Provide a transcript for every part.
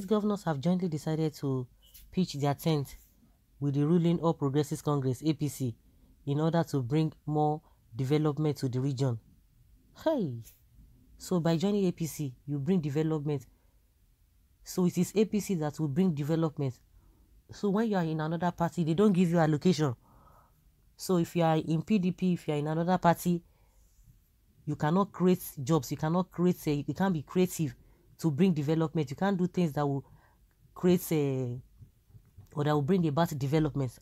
state governors have jointly decided to pitch their tent with the ruling All Progressives Congress APC in order to bring more development to the region. Hey! So by joining APC, you bring development. So it is APC that will bring development. So when you are in another party, they don't give you allocation. So if you are in PDP, if you are in another party, you cannot create jobs, you cannot create, eh, you can't be creative to bring development. You can't do things that will create a or that will bring about development.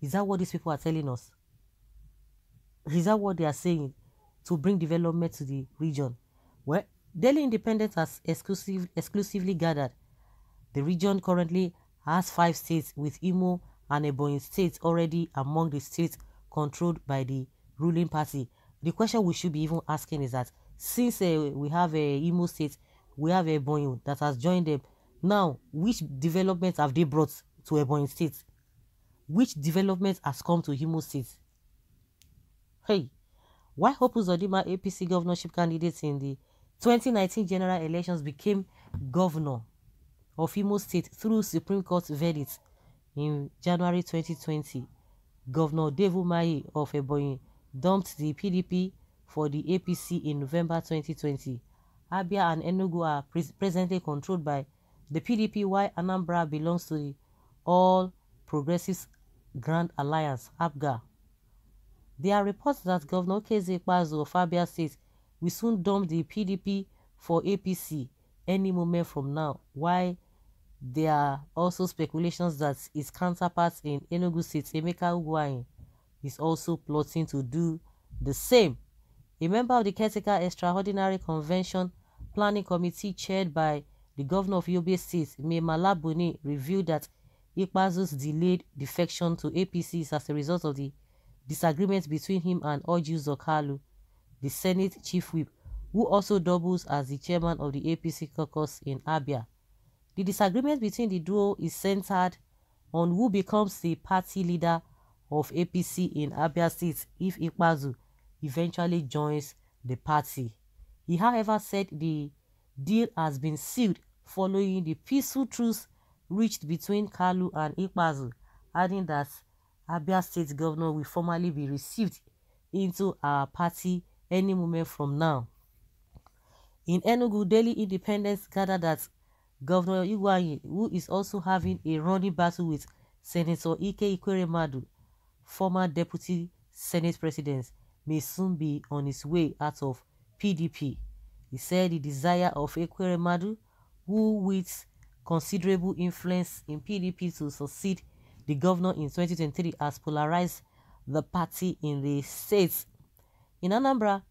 Is that what these people are telling us? Is that what they are saying to bring development to the region? Well, Delhi Independent has exclusive, exclusively gathered. The region currently has five states, with Imo and Ebonyi states already among the states controlled by the ruling party. The question we should be even asking is that since uh, we have a uh, Imo state we have Ebonyi that has joined them. Now, which developments have they brought to Ebonyi State? Which developments has come to Imo State? Hey, why Hope Uzodima APC governorship candidate in the 2019 general elections became governor of Imo State through Supreme Court verdict in January 2020? Governor Devu Mai of Ebonyi dumped the PDP for the APC in November 2020. Abia and Enugu are pre presently controlled by the PDP, while Anambra belongs to the All Progressives Grand Alliance, APGA. There are reports that Governor Keze Kpazo of Abia says we soon dump the PDP for APC any moment from now, while there are also speculations that his counterpart in Enugu State, Emeka Uguain, is also plotting to do the same. A member of the Caretaker Extraordinary Convention Planning Committee chaired by the governor of Yobe State, May Malabuni, revealed that Ikpazu's delayed defection to APC is as a result of the disagreement between him and Oju Zokalu, the Senate chief whip, who also doubles as the chairman of the APC caucus in Abia. The disagreement between the duo is centered on who becomes the party leader of APC in Abia State if Ikpazu eventually joins the party. He, however, said the deal has been sealed following the peaceful truce reached between Kalu and Ikpazu, adding that Abia State Governor will formally be received into our party any moment from now. In Enugu, Daily Independence gathered that Governor Iguanyi, who is also having a running battle with Senator Ike Ikweremadu, former deputy Senate president, may soon be on his way out of PDP. He said the desire of Madu, who with considerable influence in PDP to succeed the governor in 2023 has polarized the party in the states. In Anambra,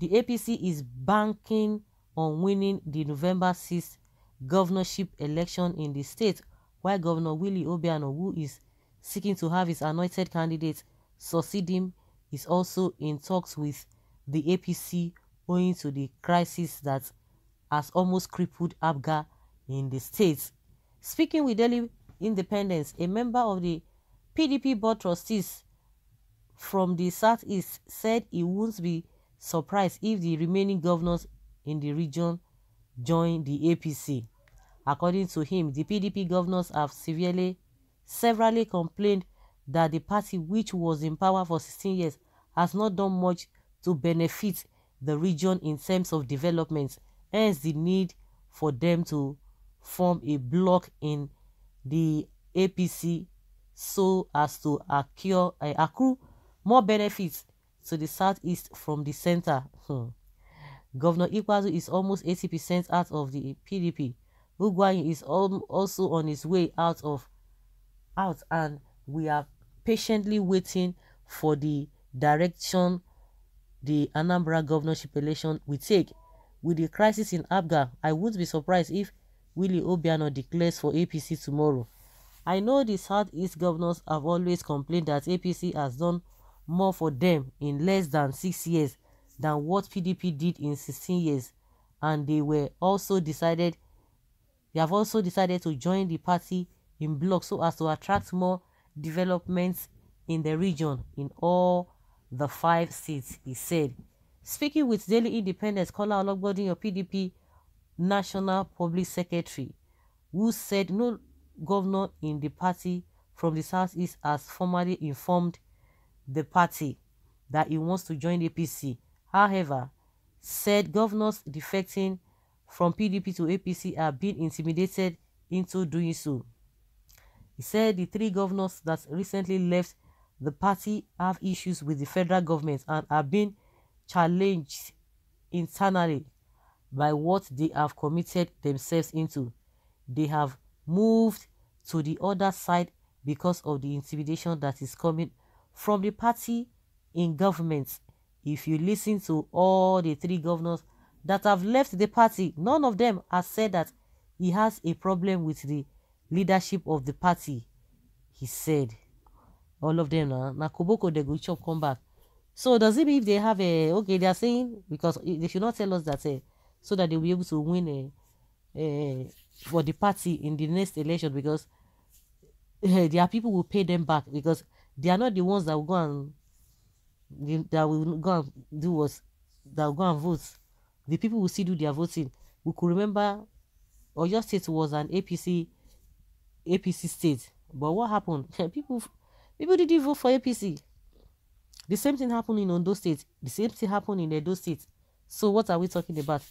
the APC is banking on winning the November 6th governorship election in the state, while Governor Willie Obiano, who is seeking to have his anointed candidate succeed him, is also in talks with the APC owing to the crisis that has almost crippled ABGA in the state. Speaking with Daily Independence, a member of the PDP board trustees from the southeast said he won't be surprised if the remaining governors in the region join the APC. According to him, the PDP governors have severely, severally complained that the party which was in power for 16 years has not done much to benefit the region in terms of development, hence the need for them to form a block in the APC so as to accrue, uh, eh, accrue more benefits to the southeast from the center. Hmm. Governor Ikwazu is almost 80% out of the PDP. Uguayin is also on his way out of out and we are patiently waiting for the direction the Anambra governorship election we take. With the crisis in Abga, I wouldn't be surprised if Willie Obiano declares for APC tomorrow. I know the Southeast governors have always complained that APC has done more for them in less than six years than what PDP did in 16 years, and they were also decided they have also decided to join the party in block so as to attract more developments in the region in all the five seats, he said. Speaking with Daily Independent, Kola your PDP National Public Secretary, who said no governor in the party from the southeast has formally informed the party that he wants to join the APC. However, said governors defecting from PDP to APC are being intimidated into doing so. He said the three governors that recently left the party have issues with the federal government and are being challenged internally by what they have committed themselves into. They have moved to the other side because of the intimidation that is coming from the party in government. If you listen to all the three governors that have left the party, none of them has said that he has a problem with the leadership of the party, he said all of them now. Now Koboko they go chop come back. So does it mean if they have a okay they are saying because they should not tell us that uh, so that they'll be able to win a, eh, a eh, for the party in the next election because uh, are people who pay them back because they are not the ones that will go and that will go and do what that will go and vote. The people will still do their voting. We could remember your State was an APC APC state, but what happened? people People didn't vote for APC. The same thing happened in Ondo State. The same thing happened in Edo State. So what are we talking about?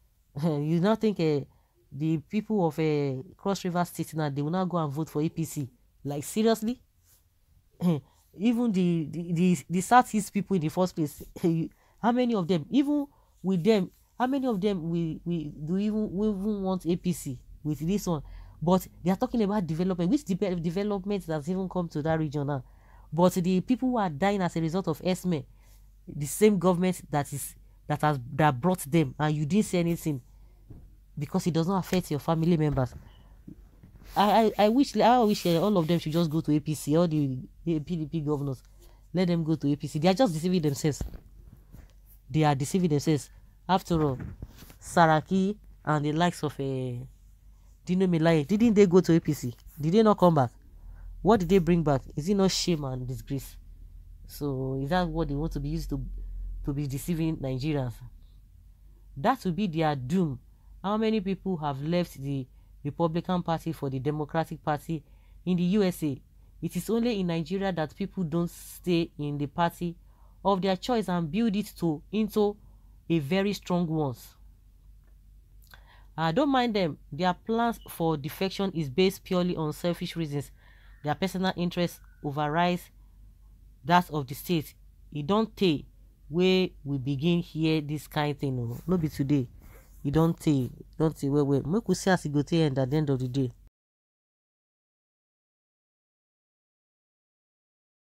you now think uh, the people of uh, Cross River State now they will not go and vote for APC? Like seriously? even the, the the the Southeast people in the first place, how many of them? Even with them, how many of them we we do even we even want APC with this one? But they are talking about development, which de- development has even come to that region now. But the people who are dying as a result of ESME, the same government that is that has that brought them, and you didn't say anything because it does not affect your family members. I, I, I wish I wish eh, all of them should just go to APC, all the, the PDP governors. Let them go to APC. They are just deceiving themselves. They are deceiving themselves. After all, Saraki and the likes of a uh, eh, Dino Melaye, didn't they go to APC? Did they not come back? What did they bring back? Is it not shame and disgrace? So is that what they want to be used to to be deceiving Nigerians? That will be their doom. How many people have left the Republican Party for the Democratic Party in the USA? It is only in Nigeria that people don't stay in the party of their choice and build it to into a very strong one. Uh, don't mind them. Their plans for defection is based purely on selfish reasons. Their personal interests override that of the state. It don't take where we begin here this kind of thing. No, no be today. You don't take, don't take. where we. Make we see as it go to end at the end of the day.